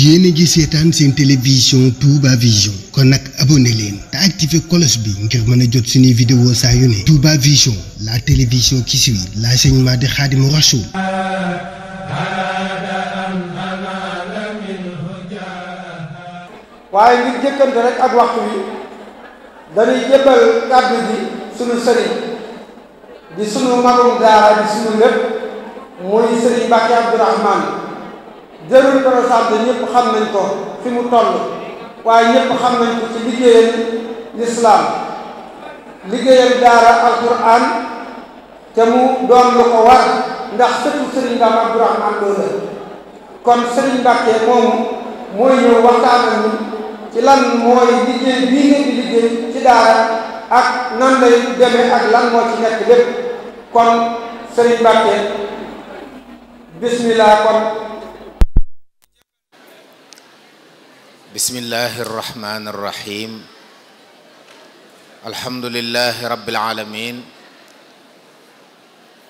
yéen a ngi seetaan seen télévision Touba Vision kon nag abonné leen te activé cloche bi ngir mën a jot suñuy vidéo saa yu ne Touba Vision la télévision qui suit l'enseignement de Khadimou Rassoul waaye ngir jëkkante rek ak waxtu wi dañuy jébbal kàddu gi suñu sëriñ di suñu magum daara di suñu lépp muy sëriñ Mbàkke Abdourahmane jërul présenté ñëpp xam nañ ko fi mu toll waaye ñëpp xam nañ ko ci liggéeyal lislaam liggéeyal daara alquran te mu doon lu ko war ndax sëtu sëriñ Ndam Abdourahman Lo la kon sëriñ Mbàkke moomu mooy ñëw waxtaan ci lan mooy liggéey bii ngeen liggéey ci daara ak nan lay demee ak lan moo ci nekk lépp kon sëriñ Mbàkke bismillah kon bismillahi arrahmani irrahim alhamdulilahi rabilalamin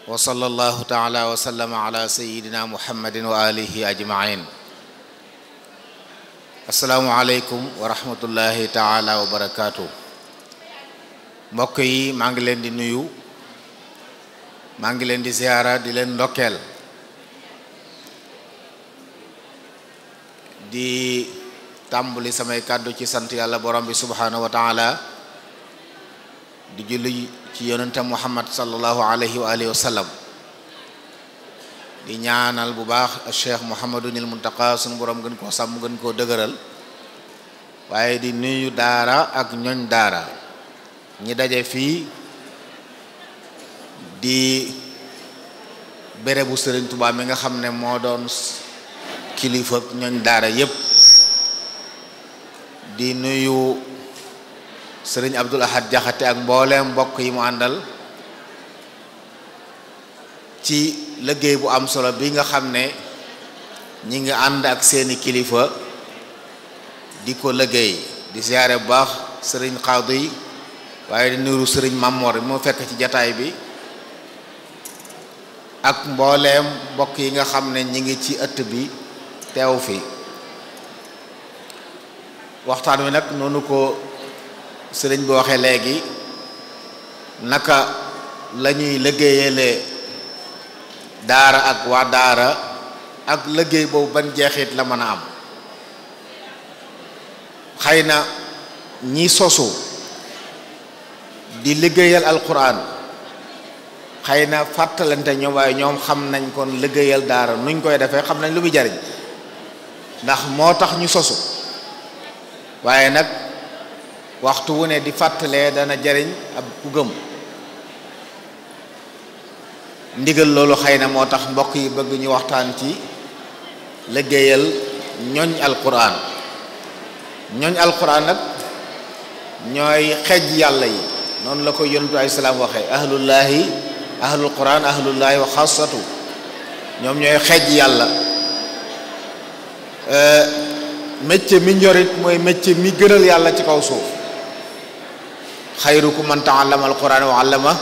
wasala allahu taala wasallama ala sayidina muhammadin wa alihi ajmain asalaamualeykum wa rahmatullahi taala wa barakatuh mbokk yi maa ngi leen di nuyu maa ngi leen di ziyaara di leen ndokkeel di tàmbali samay kàddu ci sant yàlla borom bi subhaanahu di julli ci yonente muhammad sallallahu alayhi wa alihi wa di ñaanal bu baax cheikh muhammadunil muntaka suñu borom gën koo sàmm gën koo dëgëral waaye di nuyu daara ak ñoñ daara ñi daje fii di bérébu Sëriñ Tuubaa mi nga xam ne moo doon kilifa ñoñ daara yépp di nuyu sëriñ Abdul Ahad Jaxate ak mbooleem mbokk yi mu àndal ci liggéey bu am solo bi nga xam ne ñi ngi ànd ak seeni kilifa di ko liggéey di siyaare bu baax sëriñ xaadu waaye di nuyu sëriñ Mamor bi mu fekk ci jataay bi ak mbooleem mbokk yi nga xam ne ñi ngi ci ëtt bi teew fi waxtaan wi nag noonu ko sëriñ boo waxee léegi naka la ñuy liggéeyale daara ak waa daara ak liggéey boobu ban jeexit la mën a am xëy na ñi sosu di liggéeyal alquran xëy na fàttalante ñoom waaye ñoom xam nañ kon liggéeyal daara nuñ koy defe xam nañ lu muy jariñ ndax moo tax ñu sosu waaye nag waxtu wu ne di fàttalee dana jariñ ab ku gëm ndigal loolu xëy na moo tax mbokk yi bëgg ñu waxtaan ci liggéeyal ñoñ alquran ñoñ alquran nag ñooy xej yàlla yi noonu la ko yonentu ay salaam waxee ahlullaahi ahlul quran xasatu ñoom ñooy xej yàlla métier mi njorit mooy métier mi gënal yàlla ci kaw suuf xayrukum man taallama alquran wa ma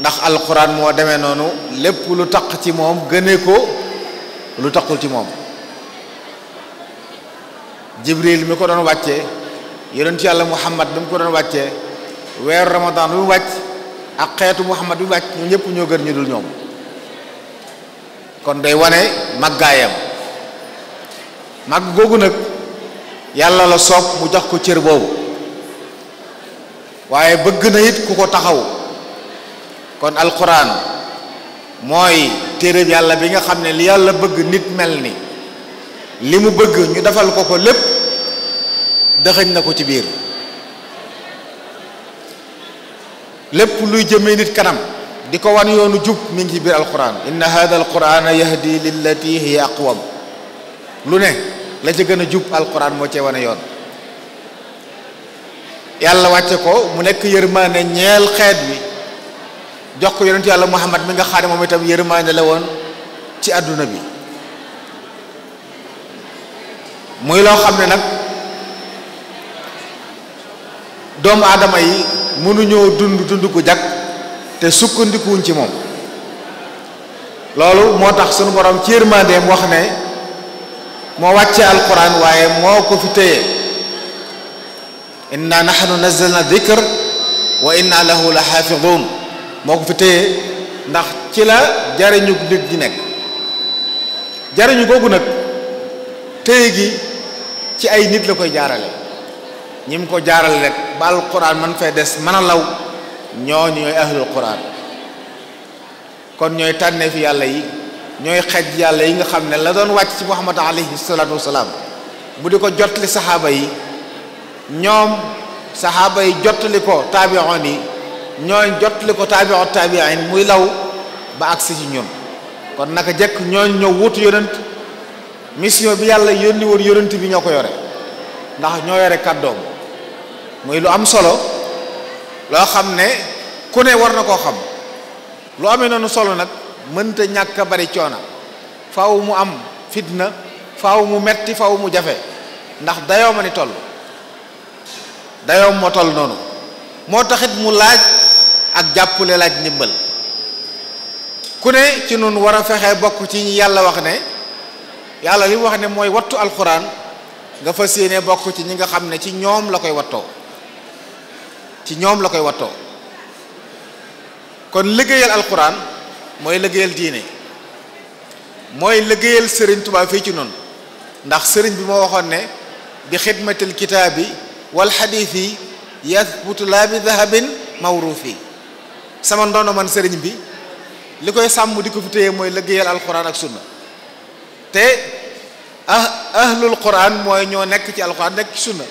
ndax alxuraan moo demee noonu lépp lu taq ci moom gënee ko lu taqul ci moom jibril mi ko doon wàccee yonent yàlla muhammad mi ko doon wàcce weer ramadan bi mu wàcc ak xeetu muhammad bi mu wàcc ñu ñëpp ñoo gën ñu dul ñoom kon day wane màggaayam màgg googu nag yàlla la soob mu jox ko cër boobu waaye bëgg na it ku ko taxaw kon alxuraan mooy téeréb yàlla bi nga xam ne li yàlla bëgg nit mel ni li mu bëgg ñu defal ko ko lépp dëxëñ na ko ci biir lépp luy jëmee nit kanam di ko wan yoonu jub mi ngi ci biir alquran inna hada alquran yahdi lillati hiya aqwam lu ne la ca gën a jub alquran moo cee wane yoon yàlla wàcce ko mu nekk yërmaane ñeel xeet bi jox ko yonentu yàlla muhammad mi nga xam ne moom itam yërmaane la woon ci àdduna bi muy loo xam ne nag doomu aadama yi mënuñoo dund dund ku jag te sukkandikuwuñ ci moom loolu moo tax sunu borom ci yërmaandeem wax ne moo wàcce alquran waaye moo ko fi téye inna nahnu nazzalna dhikr wa inna lahu la xaafidun moo ko fi téye ndax ci la jariñu nit ñi nekk jariñu googu nag téye gi ci ay nit la koy jaarale ñi mu ko jaarale rek ba alquran man fee des mën a law ñoo ñooy ahlul quran kon ñooy tànneefi yàlla yi ñooy xaj yàlla yi nga xam ne la doon wàcc ci muhammad alayhi salaatu wasalaam bu di ko jotli saxaaba yi ñoom saxaaba yi jotli ko taabiroon yi ñooñ jotli ko taabiroo taabiin muy law ba agsi ci ñun kon naka jekk ñooñ ñëw wutu yonent mission bi yàlla yónni woon yonent bi ñoo ko yore ndax ñoo yore kàddoom muy lu am solo loo xam ne ku ne war na koo xam lu amee noonu solo nag mënta ñàkk a bari coona faw mu am fitna faw mu metti faw mu jafe ndax dayoo ma ni toll dayoo moo toll noonu moo taxit mu laaj ak jàppule laaj ndimbal ku ne ci noonu war a fexe bokk ci ñi yàlla wax ne yàlla li wax ne mooy wattu alxuraan nga fa yéene bokk ci ñi nga xam ne ci ñoom la koy wattoo ci ñoom la koy wattoo kon liggéeyal alxuraan mooy liggéeyal diine mooy liggéeyal sëriñ Tuubaa fii ci noonu ndax sëriñ bi moo waxoon ne bi xidmatil kitaabi wal xadiis yi yathbutu laa bi dahabin mawruuf yi sama ndono sëriñ bi li koy sàmm di ko fi téye mooy liggéeyal alquran ak sunna te ah ahlul quran mooy ñoo nekk ci alquran nekk ci sunna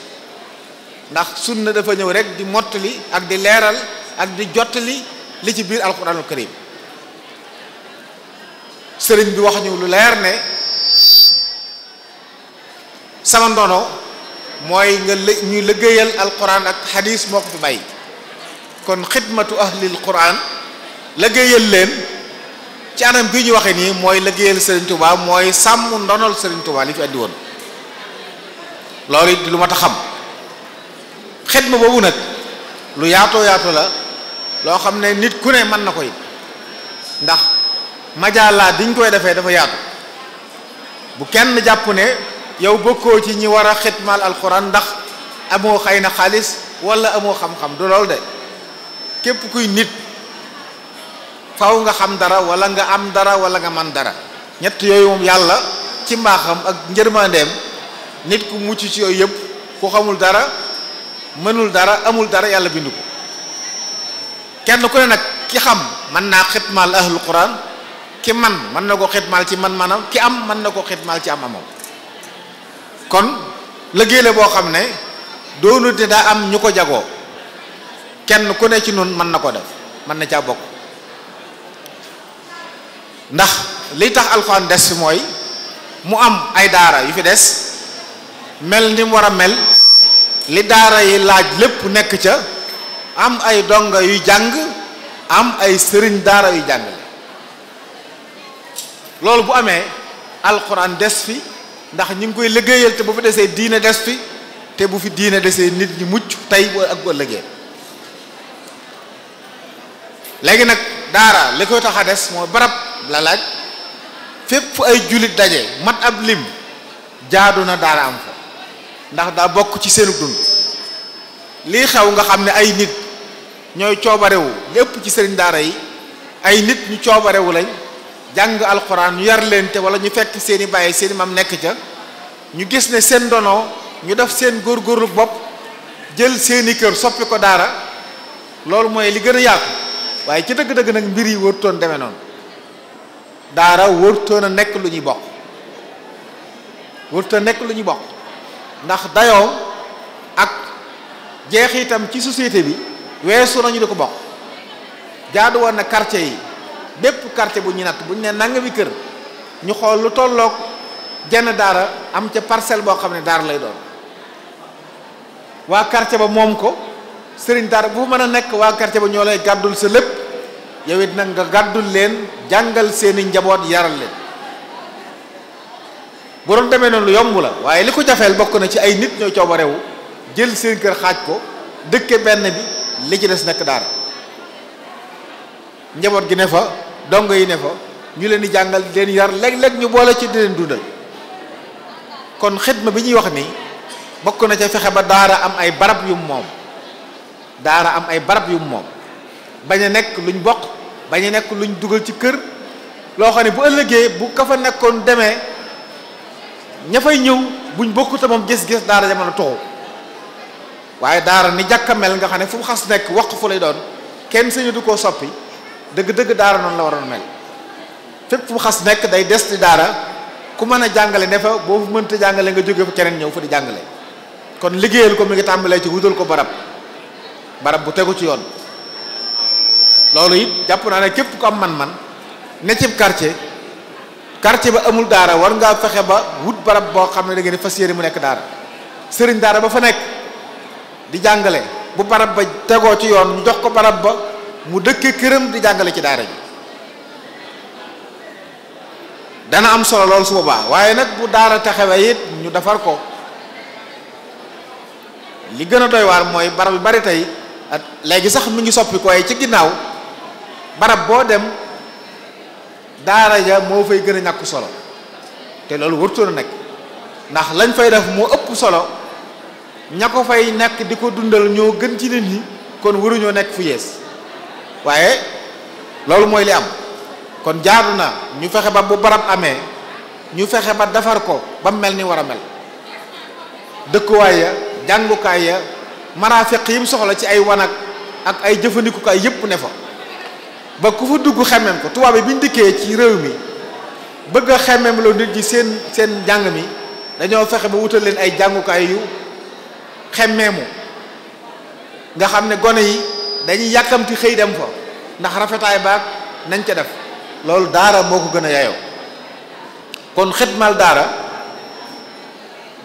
ndax sunna dafa ñëw rek di mottali ak di leeral ak di jottali li ci biir alquranul karim sëriñ bi wax ñu lu leer ne sama ndono mooy nga ñu liggéeyal alquran ak xadis moo ko fi bàyyi kon xidmatu ahlil quran liggéeyal leen ci anam bi ñu waxee nii mooy liggéeyal sëriñ Touba mooy sàmm ndonol sëriñ Touba li fi andi woon loolu it lu ma ta xam xidma boobu nag lu yaatoo yaatu la loo xam ne nit ku ne mën na ko it ndax majaalaat diñ koy defee dafa yaatu bu kenn jàpp ne yow bokkoo ci ñi war a xitmaal alxuraan ndax amoo xay na xaalis wala amoo xam-xam du de képp kuy nit faw nga xam dara wala nga am dara wala nga man dara ñett yooyu moom yàlla ci mbaaxam ak njërmandeem nit ku mucc ci yooyu yëpp ku xamul dara mënul dara amul dara yàlla bind ko kenn ku ne nag ki xam mën naa xitmaal ahlul quran ki man mën na ko xitmaal ci man manam ki am mën na ko xitmaal ci am amam kon la la boo xam ne doonut ne daa am ñu ko jagoo kenn ku ne ci nun mën na ko def mën na caa bokk ndax li tax alxuraan des mooy mu am ay daara yu fi des mel ni mu war a mel li daara yi laaj lépp nekk ca am ay donga yuy jàng am ay sëriñ daara yu jàng loolu bu amee alxuraan des fi ndax ñu ngi koy liggéeyal te bu fi desee diina des fi te bu fi diina desee nit ñi mucc tey ak bu ëllëgee léegi nag daara li koy tax a des mooy barab la laaj fépp fu ay jullit daje mat ab lim jaadu na daara am fa ndax daa bokk ci seenu dund lii xew nga xam ne ay nit ñooy coobarewu lépp ci sëriñ daara yi ay nit ñu coobarewu lañ jàng alxuraan ñu yar leen te wala ñu fekk seeni i bàyyi seen i nekk ca ñu gis ne seen dono ñu def seen góor góorgóorlu bopp jël seeni kër soppi ko daara loolu mooy li gën a yaatu waaye ci dëgg-dëgg nag mbir yi wërtoon demee noonu daara wërtoon nekk lu ñuy bokk wërtoon nekk lu ñuy bokk ndax dayoo ak jeexitam ci société bi weesu nañu di ko bokk jaadu woon na quartier yi. bépp karce bu ñu natt bu ñu nee nangami kër ñu xool lu tollook jenn daara am ca parcelle boo xam ne daara lay doon waa quartier ba moom ko sëriñ daara bu mën a nekk waa quartier ba ñoo lay gàddul sa lépp yow it nag nga gàddul leen jàngal seeni njaboot yaral leen bu doon demee noonu lu yomb la waaye li ko jafeel bokk na ci ay nit ñoo coobarewu jël seen kër xaaj ko dëkke benn bi li ci des nekk daara njaboot gi ne fa dongo yi ne fa ñu leen di jàngal leen yar léeg-léeg ñu boole ci di leen dundal kon xidma bi ñuy wax ni bokk na ca fexe ba daara am ay barab yu moom daara am ay barab yu moom bañ nekk luñ bokk bañ a nekk luñ dugal ci kër loo xam ne bu ëllëgee bu ka fa nekkoon demee ña fay ñëw buñ bokku ta moom gis-gis daara ja mën a toxu waaye daara ni jàkka mel nga xam ne fu xas nekk waqfu lay doon kenn sañu du koo soppi dëgg-dëgg daara noonu la waroon mel fépp fu xas nekk day des di daara ku mën a jàngale ne fa boo fu mënta jàngale nga jóge keneen ñëw fa di jàngale kon liggéeyal ko mi ngi tàmbalee ci wutal ko barab barab bu tegu ci yoon loolu it jàpp naa ne képp ku am man-man ne cib quartier quartier ba amul daara war ngaa fexe ba wut barab boo xam ne da fas yéene mu nekk daara sëriñ daara ba fa nekk di jàngale bu barab ba tegoo ci yoon ñu jox ko barab ba mu dëkke këram di jàngale ci daara ji dana am solo lool su boobaa waaye nag bu daara taxawe it ñu defar ko li gën a doy mooy barab yu bari tey at léegi sax mu ngi soppi koy ci ginnaaw barab boo dem daara ja moo fay gën a solo te loolu wërtoona nekk ndax lañ fay def moo ëpp solo ña ko fay ñàkk di ko dundal ñoo gën ci nit ñi kon waruñoo nekk fu yees waaye loolu mooy li am kon jaaru na ñu fexe ba bu barab amee ñu fexe ba defar ko ba mel ni war a mel dëkkuwaay ya jàngukaay ya maraafeq yi mu soxla ci ay wanag ak ay jëfandikukaay yépp ne fa ba ku fa dugg xemmeem ko tubaab yi bi ñu dikkee ci réew mi bëgg a xemmeem loo nit ñi seen seen njàng mi dañoo fexe ba wutal leen ay jàngukaay yu xemmeemu nga xam ne gone yi dañuy yàkkamti xëy dem fa ndax rafetaay baag nañ ca def loolu daara moo ko gën a yaayoo kon xetmal daara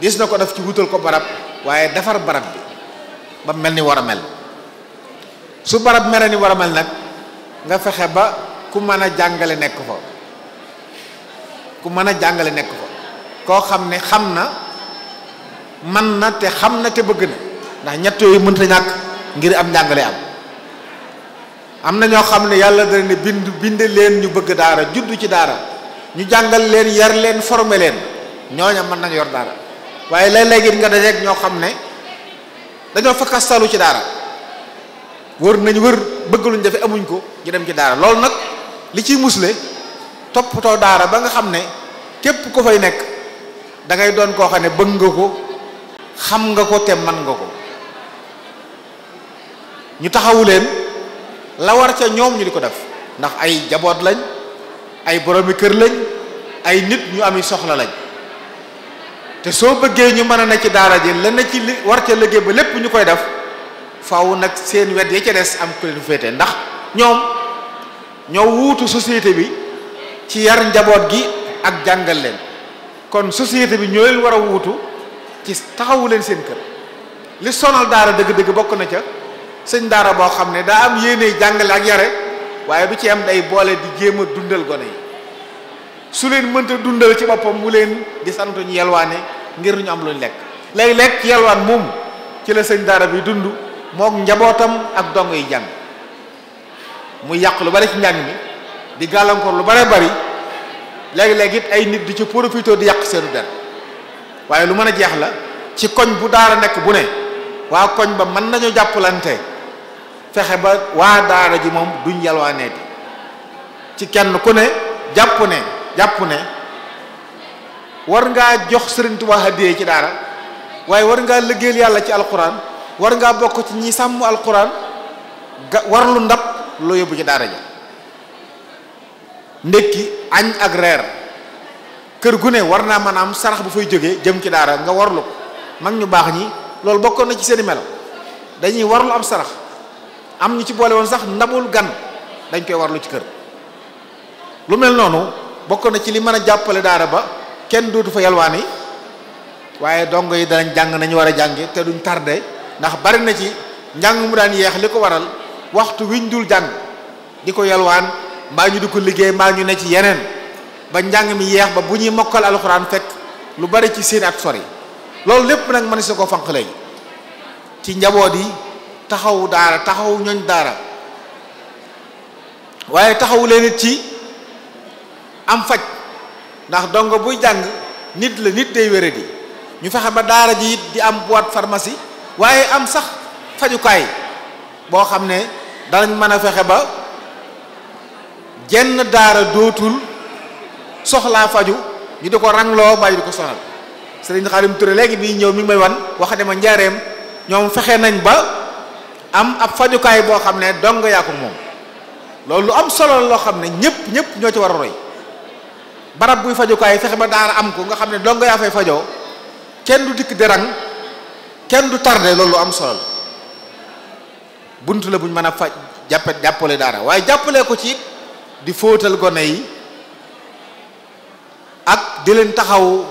gis na ko def ci wutal ko barab waaye defar barab bi ba mel ni war a mel su barab mere ni war a mel nag nga fexe ba ku mën a jàngale nekk fa ku mën a jàngale nekk fa koo xam ne xam na man na te xam na te bëgg na ndax ñett yooyu mënta ñàkk ngir am njàngale am am na ñoo xam ne yàlla dana ne bind bind leen ñu bëgg daara juddu ci daara ñu jàngal leen yar leen former leen ñooña mën nañ yor daara waaye léeg-léeg it nga dajeeg ñoo xam ne dañoo fakkastalu ci daara wër nañu wër bëgg luñ defe amuñ ko ñu dem ci daara loolu nag li ciy musle toppatoo daara ba nga xam ne képp ku fay nekk dangay doon koo xam ne bëgg nga ko xam nga ko te man nga ko ñu taxawu leen la war ca ñoom ñu di ko def ndax ay njaboot lañ ay boroomi kër lañ ay nit ñu ami soxla lañ te soo bëggee ñu mën a ne ci daara ji la ne ci li war ca liggéey ba lépp ñu koy def faw nag seen wet ya ca des am ku leen ndax ñoom ñoo wuutu société bi ci yar njaboot gi ak jàngal leen kon société bi ñoo leen war a wuutu ci taxawu leen seen kër li sonal daara dëgg-dëgg bokk na ca sëñ daara boo xam ne daa am yéene jàngale ak yare waaye bu ci am day boole di jéem a dundal gone yi su leen mënta dundal ci boppam mu leen di sant ñu yelwaane ngir ñu am luñ lekk lay lekk yelwaan moom ci la sëñ daara bi dund mook njabootam ak dong yi jàng muy yàq lu bari ci njàng mi di gàllankoor lu bare bari léegi-léeg ay nit di ci profité di yàq seenu der waaye lu mën a jeex la ci koñ bu daara nekk bu ne waa koñ ba mën nañu jàppalante fexe ba waa daara ji moom duñ yalwaaneeti ci kenn ku ne jàpp ne jàpp ne war ngaa jox Sëriñ Tuubaa hadiyee ci daara waaye war ngaa liggéeyal yàlla ci alquran war ngaa bokk ci ñi sàmm alquran ga war ndab loo yóbbu ci daara ja ndékki añ ak reer kër gu ne war naa mën a am sarax bu fay jógee jëm ci daara nga warlu mag ñu baax ñi loolu bokkoon na ci seeni melo dañuy warlu am sarax am ñu ci boole woon sax ndamul gan dañ koy warlu ci kër lu mel noonu bokk na ci li mën a jàppale daara ba kenn dootu fa yalwaani waaye dongo yi danañ jàng nañu war a jànge te duñ tardé ndax bari na ci njàng mu daan yeex li ko waral waxtu wiñ dul jàng di ko yalwaan mbaa ñu di ko liggéey mbaa ñu ne ci yeneen ba njàng mi yeex ba bu ñuy mokkal alxuraan fekk lu bari ci seen ak sori loolu lépp nag mën si ko fanq léegi ci njaboot yi taxawu daara taxawu ñooñ daara waaye taxawu leen nit ci am faj ndax dongo buy jàng nit la nit day wéradi ñu fexe ba daara ji di am boîte pharmacie waaye am sax fajukaay boo xam ne danañ mën a fexe ba jenn daara dootul soxlaa faju ñu di ko rangloo mbaa ñu di ko sonal Sëriñ Xaadim Ture léegi bi ñëw mi ngi may wan wax ne ma njaareem ñoom fexe nañ ba am ab fajukaay boo xam ne dong yaa ko moom loolu lu am solo loo xam ne ñëpp ñëpp ñoo ci war a roy barab buy fajukaay fexe ba daara am ko nga xam ne dong yaa fay fajoo kenn du dikk derang kenn du tardé loolu lu am solo la bunt la buñ mën a faj jàppe jàppale daara waaye jàppale ko ci di fóotal gone yi ak di leen taxaw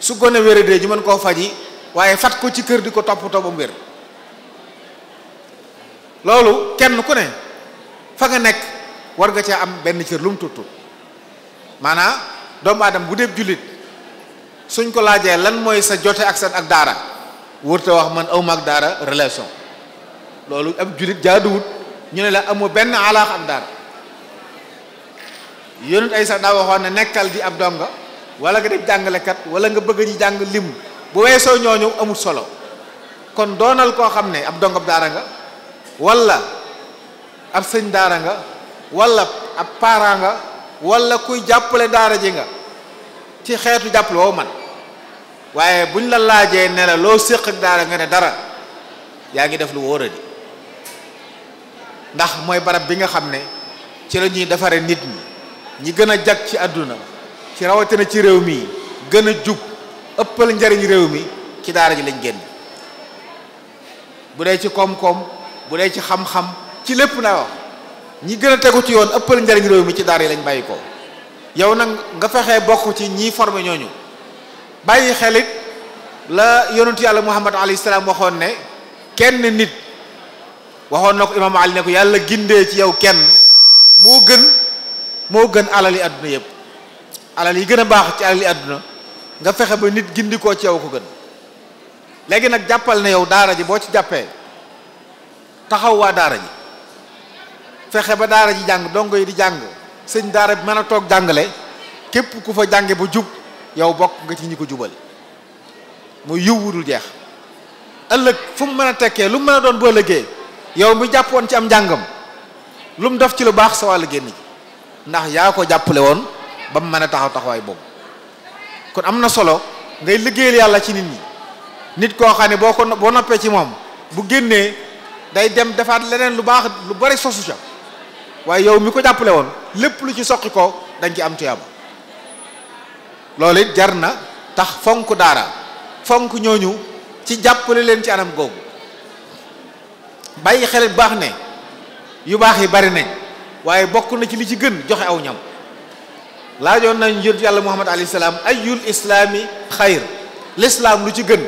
su gone wéradee ñu mën koo faji waaye fat ko ci kër di ko toppatoo ba mu wér loolu kenn ku ne fa nga nekk war nga cee am benn cër lu mu tuttu maanaam doomu aadama bu dee jullit suñ ko laajee lan mooy sa jote ak sa ak daara wërte wax man aw ma ak daara relation loolu ab jullit jaaduwut ñu ne la amu benn alaax ak daara yonent ay sax daa waxoon ne nekkal di ab donga wala nga jàngalekat wala nga bëgg ñi jàng lim bu weesoo ñooñu amul solo kon doonal koo xam ne ab dong ab daara nga walla ab sëñ daara nga walla ab paaraanga nga walla kuy jàppale daara ji nga ci xeetu jàppale woo man waaye buñ la laajee ne loo séq ak daara nga ne dara yaa ngi def lu wóoradi ndax mooy barab bi nga xam ne ci la ñuy defare nit ñi ñi gën a jag ci àdduna ci rawatina ci réew mi gën a jub ëppal njariñ réew mi ci daara ji lañ génn bu dee ci koom-koom bu dee ci xam-xam ci lépp naa wax ñi gën a tegu ci yoon ëppal njariñ réew mi ci daar yi lañ bàyyi ko yow nag nga fexe bokk ci ñii formé ñooñu bàyyi xelit la yonentu yàlla muhammad alayhi salaam waxoon ne kenn nit waxoon na ko imaamu ali ne ko yàlla gindee ci yow kenn moo gën moo gën alal yi àdduna yëpp alal yi gën a baax ci alal yi àdduna nga fexe ba nit gindikoo ci yow ko gën léegi nag jàppal na yow daara ji boo ci jàppee taxaw waa daara ji fexe ba daara ji jàng dongo yi di jàng sëñ daara bi mën a toog jàngale képp ku fa jànge bu jub yow bokk nga ci ñi ko jubal mu yiw wudul jeex ëllëg fu mu mën a tekkee lu mu mën a doon bu ëllëgee yow mu jàpp woon ci am njàngam lu mu def ci lu baax sa wàll génn ji ndax yaa ko jàppale woon ba mu mën a taxaw taxawaay boobu kon am na solo ngay liggéeyal yàlla ci nit ñi nit koo xam ne boo ko boo noppee ci moom bu génnee day dem defaat leneen lu baax lu bari sosu ca waaye yow mi ko jàppale woon lépp lu ci soqi ko dañ ci am tuyaaba lool it jar na tax fonk daara fonk ñooñu ci jàppale leen ci anam googu bàyyi xel baax ne yu baax yi bari nañ waaye bokk na ci li ci gën joxe aw ñam laajoon nañ yonent yàlla muhammad alayhi salaam ayul islaami xayr lislaam lu ci gën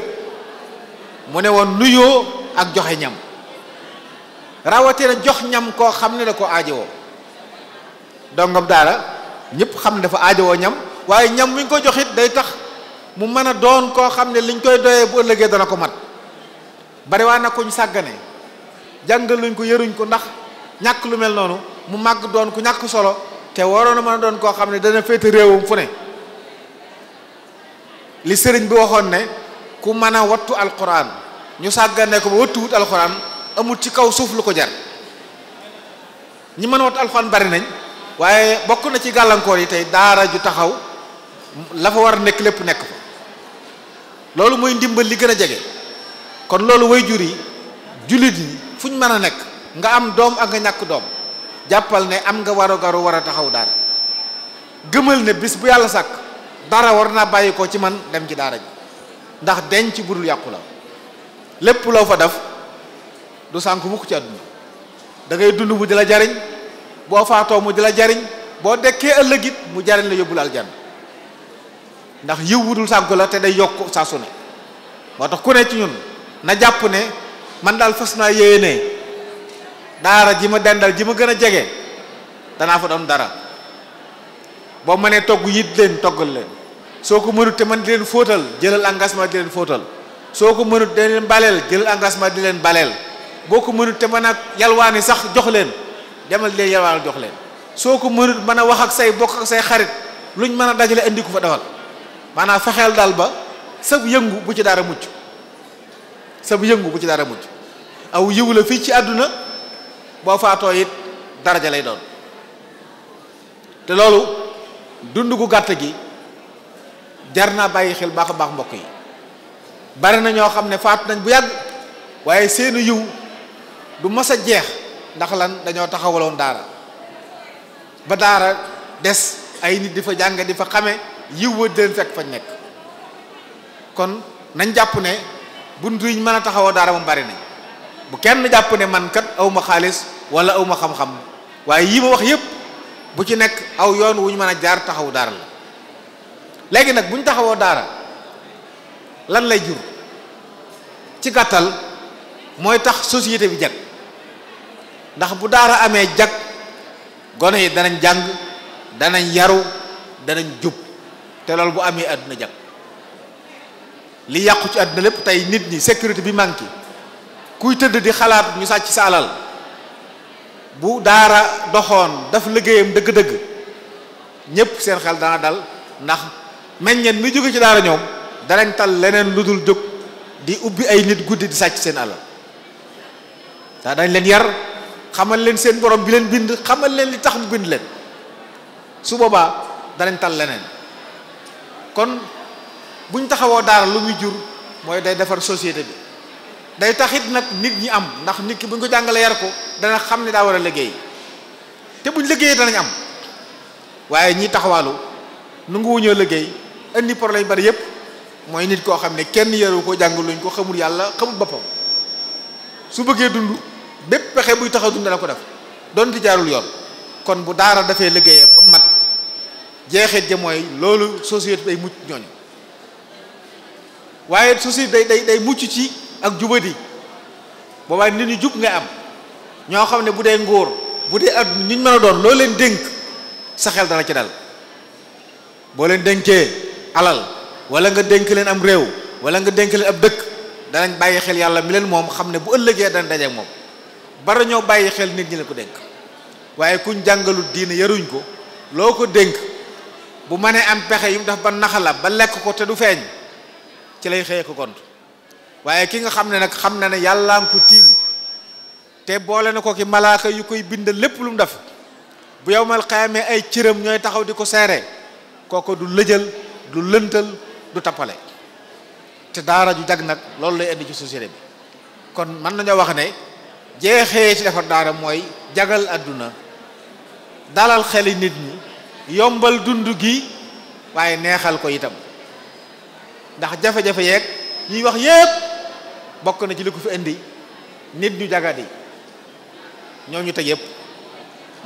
mu ne woon nuyoo ak joxe ñam rawatina jox ñam koo xam ne da ko aajowoo dongam daala ñëpp xam ne dafa aajowoo ñam waaye ñam buñ ko joxit day tax mu mën a doon koo xam ne liñ koy doyee bu dana ko mat bari waa na kuñ sàggane jàngaluñ ko yëruñ ko ndax ñàkk lu mel noonu mu màgg doon ku ñàkk solo te waroon a mën a doon koo xam ne dana féete réewum fu ne li sëriñ bi waxoon ne ku mën a wattu alxuraan ñu sàggane ko ba wattuwut alquran amul ci kaw suuf lu ko jar ñi mën a wat alxuraan bari nañ waaye bokk na ci gàllankoor yi tey daara ju taxaw la fa war a nekk lépp nekk fa loolu mooy ndimbal li gën a jege kon loolu waajur yi jullit yi fu ñu mën a nekk nga am doom ak nga ñàkk doom jàppal ne am nga waro garu war a taxaw daara gëmal ne bis bu yàlla sàkk dara war naa bàyyi ko ci man dem ci daara ji ndax denc bu dul yàqu la lépp loo fa def du sànku mukk ci àdduna da ngay dund mu di la jariñ boo faatoo mu di la jariñ boo dekkee ëllëg it mu jariñ la yóbbu laal aljanna ndax yiw wudul sànku la te day yokk saa su ne moo ku ne ci ñun na jàpp ne man daal fas naa yéene daara ji ma dendal ji ma gën a jege danaa fa doon dara boo mënee togg yit leen toggal leen soo ko mënut te man di leen fóotal jëlal engagement di leen fóotal soo ko mënut di leen baleel jëlal engagement di leen baleel boo ko mënut te mën a yalwaani sax jox leen demal leen yalwaanal jox leen soo ko mënut mën a wax ak say bokk ak say xarit luñ mën a dajale indi ko fa dawal maanaam fexeel daal ba sab yëngu bu ci dara mujj sab yëngu bu ci dara mujj aw yiw la fii ci àdduna boo faatoo it daraja lay doon te loolu dund ku gàtt gi jar naa bàyyi xel baax baax mbokk yi bari na ñoo xam ne faatu nañ bu yàgg waaye seenu yiw du mës a jeex ndax lan dañoo taxawaloon daara ba daara des ay nit di fa jàng di fa xame yiw wa di leen fekk fañ nekk kon nañ jàpp ne bunt yi ñu mën a taxawoo daara moom bari nañ bu kenn jàpp ne mankat kat aw ma xaalis wala aw ma xam-xam waaye yii ma wax yépp bu ci nekk aw yoon wu ñu mën a jaar taxawu daara la léegi nag bu ñu taxawoo daara lan lay jur ci gàttal mooy tax société bi jag ndax bu daara amee jag gone yi danañ jàng danañ yaru danañ jub te loolu bu amee àdduna jag li yàqu ci àdduna lépp tey nit ñi sécurité bi manqué kuy tëdd di xalaat ñu sàcc sa alal bu daara doxoon dafa liggéeyam dëgg-dëgg ñépp seen xel dana dal ndax meññeen mi jóge ci daara ñoom danañ tal leneen lu dul jóg di ubbi ay nit guddi di sàcc seen alal daa dañ leen yar xamal leen seen borom bi leen bind xamal leen li tax mu bind leen su boobaa danañ tal leneen kon buñ taxawoo daara lu muy jur mooy day defar société bi day taxit nag nit ñi am ndax nit ki buñ ko jàngalee yar ko dana xam ne daa war a liggéey te buñ liggéeyee danañ am waaye ñi taxawaalu nu ngu wuñoo liggéey indi problème yu bari yépp mooy nit koo xam ne kenn yaru ko jàngaluñ ko xamul yàlla xamul boppam su bëggee dund bépp pexe buy taxaw dund dana ko def donte jaarul yoon kon bu daara dafee liggéey ba mag jeexee ja mooy loolu société day mucc ñooñu waaye société day day day mucc ci ak jubadi boobaa nit ñu jub ngay am ñoo xam ne bu dee nguur bu dee àdduna ñu mën a doon loo leen dénk sa xel dana ci dal boo leen dénkee alal wala nga dénk leen am réew wala nga dénk leen ab dëkk danañ bàyyi xel yàlla mi leen moom xam ne bu ëllëgee dana daje moom bara ñoo bàyyi xel nit ñi la ko dénk waaye kuñ jàngalul diine yaruñ ko loo ko dénk bu mënee am pexe yu mu def ba naxala ba lekk ko te du feeñ ci lay xëye ko kont waaye ki nga xam ne nag xam na ne yàllaa ngi te boole na ko ki malaaka yu koy bind lépp lu mu def bu yowmal xayaamee ay cëram ñooy taxaw di ko seere kooko du lëjal du lëntal du tappale te daara ju jag nag loolu lay indi ci société bi kon mën nañoo wax ne jeexee ci defar daara mooy jagal àdduna dalal xeli nit ñi yombal dund gi waaye neexal ko itam ndax jafe-jafe yeeg ñuy wax yépp bokk na ci li ko fi indi nit ñu jagadi ñoo ñu teg yépp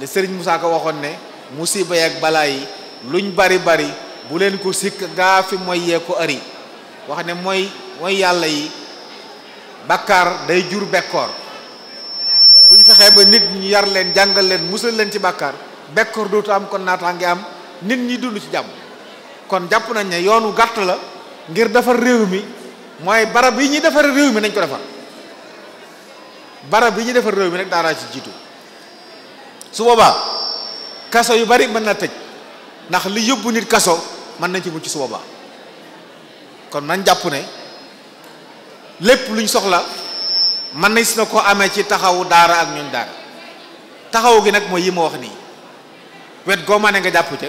le sëriñ Moussa ko waxoon ne musiba yeeg balaa yi luñ bari bari bu leen ko sikk ngaa fi mooy yee ko ari wax ne mooy mooy yàlla yi bakkaar day jur bekkoor fexe ba nit ñu yar leen jàngal leen musal leen ci bàkkaar bekkoor dootu am kon naataa ngi am nit ñi dund ci jàmm kon jàpp nañ ne yoonu gàtt la ngir defar réew mi mooy barab yi ñuy defar réew mi nañ ko defar barab yi ñuy defar réew mi nag daaraa ci jiitu su boobaa kaso yu bari mën na tëj ndax li yóbbu nit kaso mën nañ ci mucc su kon nañ jàpp ne lépp luñ soxla man na na ko amee ci taxaw daara ak ñooñ daara taxaw gi nag mooy yi ma wax nii wet goo ma ne nga jàpp ca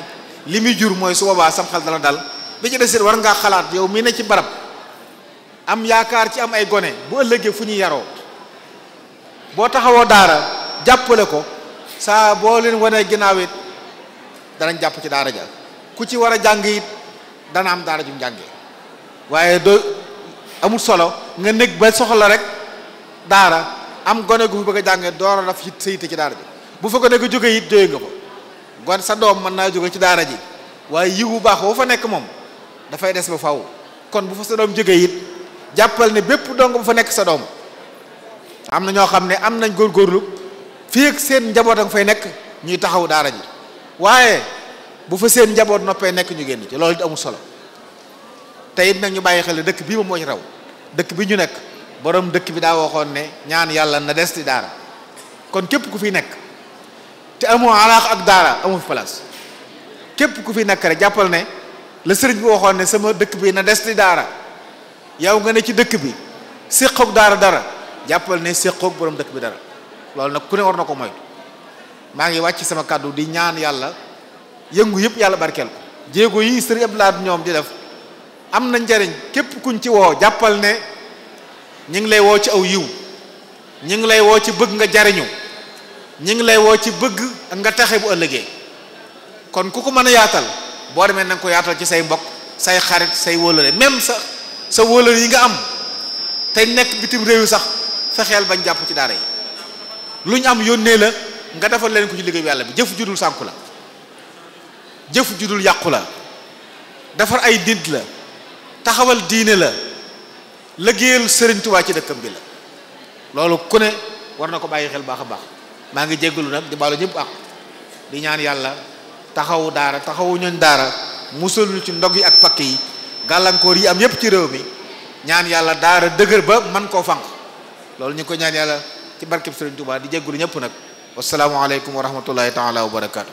li muy jur mooy su boobaa sam xel dana dal bi ci desit war ngaa xalaat yow mii ne ci barab am yaakaar ci am ay gone bu ëllëgee fu ñuy yaroo boo taxawoo daara jàppale ko saa boo leen wanee ginnaaw it danañ jàpp ci daara ja ku ci war a jàng yit dana am daara ju njànge waaye doo amul solo nga nég ba soxla rek daara am gone gu fi bëgg a jàng doora a daf it sa yitte ci daara ji bu fa ko nekk jógee it jóge nga ko gon sa doom mën naa jóge ci daara ji waaye yiw bu baax boo fa nekk moom dafay des ba faw kon bu fa sa doom jógee it jàppal ne bépp dong bu fa nekk sa doom am na ñoo xam ne am nañ góor góorlu fii ak seen njaboot ak fay nekk ñuy taxaw daara ji waaye bu fa seen njaboot noppee nekk ñu génn ci loolu it amul solo tey it nag ñu bàyyi xel dëkk bii moom moo ci raw dëkk bi ñu nekk borom dëkk bi daa waxoon ne ñaan yàlla na des di daara kon képp ku fi nekk te amoo alaax ak daara amul fi place képp ku fi nekk rek jàppal ne la sëriñ bi waxoon ne sama dëkk bi na des di daara yow nga ne ci dëkk bi séqoog daara dara jàppal ne séqoog borom dëkk bi dara loolu nag ku ne war na ko moytu maa ngi wàcc sama kàddu di ñaan yàlla yëngu yëpp yàlla barkeel ko jéego yi sëriñ Abdoulaye ñoom di def am na njariñ képp kuñ ci woo jàppal ne ñu ngi lay woo ci aw yiw ñu ngi lay woo ci bëgg nga jariñu ñu ngi lay woo ci bëgg nga texe bu ëllëgee kon ku ko mën a yaatal boo demee na ko yaatal ci say mbokk say xarit say wóolale même sa sa wóolale yi nga am tey nekk bitim réew yi sax fexeel bañ jàpp ci daara yi lu ñu am yónnee la nga defal leen ko ci liggéey yàlla bi jëf judul sànku la jëf judul yàqu la defar ay nit la taxawal diine la liggéeyal sëriñ tubaa ci dëkkam bi la loolu ku ne war na ko bàyyi xel baax a baax maa ngi jéggalu nag di baalu ñëpp ak di ñaan yàlla taxawu daara taxawu ñooñ daara musalul ci ndog yi ak pakk yi gàllankoor yi am yépp ci réew mi ñaan yàlla daara dëgër ba man koo fanq loolu ñu ko ñaan yàlla ci barkeb sëriñ tubaa di jéggalu ñëpp nag wasalaamu aleykum wa rahmatullahi taala wa barakaatu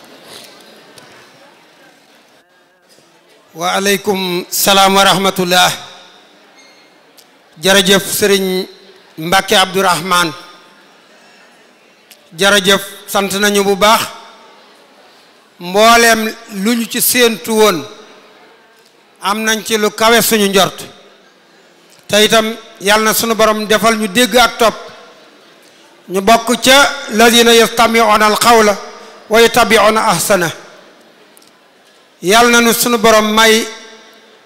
waaleykum salaam wa rahmatullah jërëjëf sëriñ Mbàkke Abdourahman jërëjëf sant nañu bu baax mbooleem lu ñu ci séentu woon am nañ ci lu kawe suñu njort te itam yàlla na suñu borom defal ñu dégg ak topp ñu bokk ca ladina yastamiuna alqawla wa yatabiuna ahsana yàlla na nu suñu borom may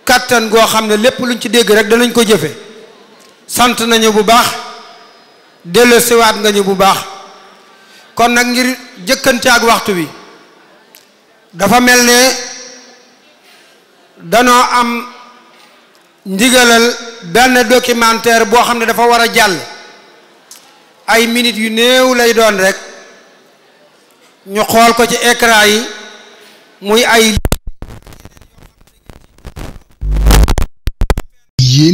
kàttan goo xam ne lépp luñ ci dégg rek danañ ko jëfe sant nañu bu baax delloosiwaat nga ñu bu baax kon nag ngir jëkkante ak waxtu wi dafa mel ne danoo am ndigalal benn documentaire boo xam ne dafa war a jàll ay minutes yu néew lay doon rek ñu xool ko ci écran yi muy ay